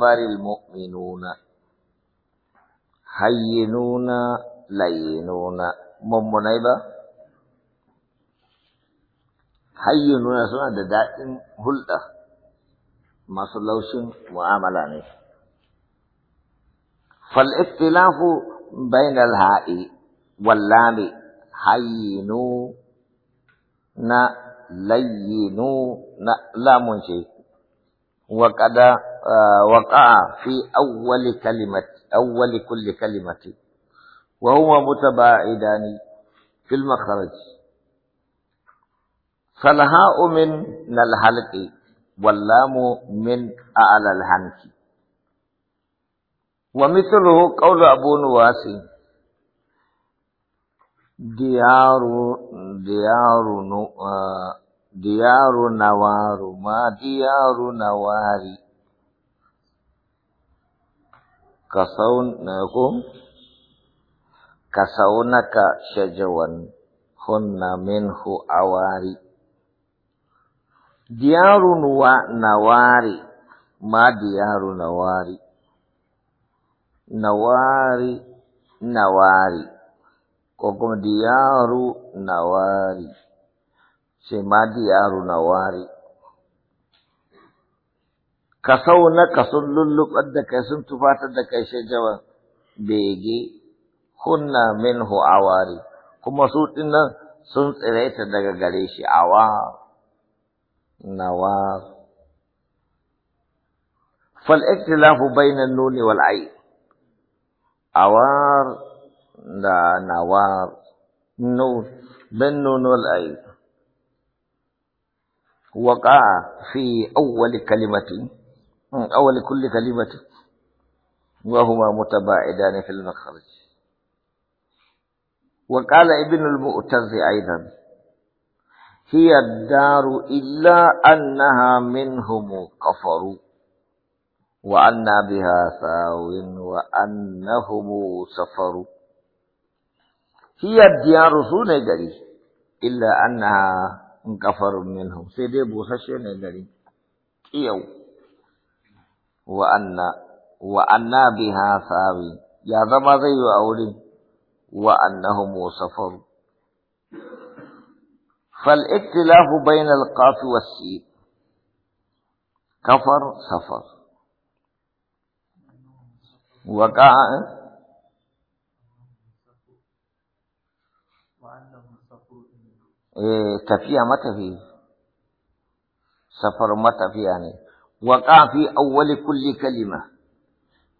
بر المؤمنون حينون لينون ممنيبا حينون سنة دائم هلتا ما سلوشن معاملاني فالاختلاف بين الهاء واللام حينون لينون لا منشئ وقد آه، وقع في أول كلمة أول كل كلمة وهما متباعدان في المخرج فالهاء من الحلق واللام من أعلى الحنك ومثله قول أبو نواس ديار ديار آه، ديار نوار ما ديار نواري كصونكم كصونك شجوا هن منه أواري ديار ونواري ما ديار نواري نواري نواري كوكم ديار نواري sai ma yaro na ware. kasau na kasun lulluɓar da kai sun tufatar da kai shajawan bege kunna minhu awari kuma su dinnan sun tsiraita daga gare shi awa nawar wal ai. Awar da nawar لا نوار nuni wal ai. وقع في أول كلمة أول كل كلمة وهما متباعدان في المخرج وقال ابن المؤتز أيضا هي الدار إلا أنها منهم كفروا وأنا بها ساو وأنهم سفروا هي الديار سوني إلا أنها انكفروا منهم سيدي ابو خشن الذي يو وان وانا بها ثاوي يا ذا ذي اولي وانهم وصفروا فالاختلاف بين القاف والسين كفر سفر وقع وانهم صفر تفيا ما تفي سفر ما تفي يعني وقع في أول كل كلمة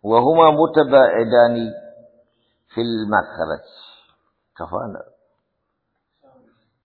وهما متباعدان في المخرج كفانا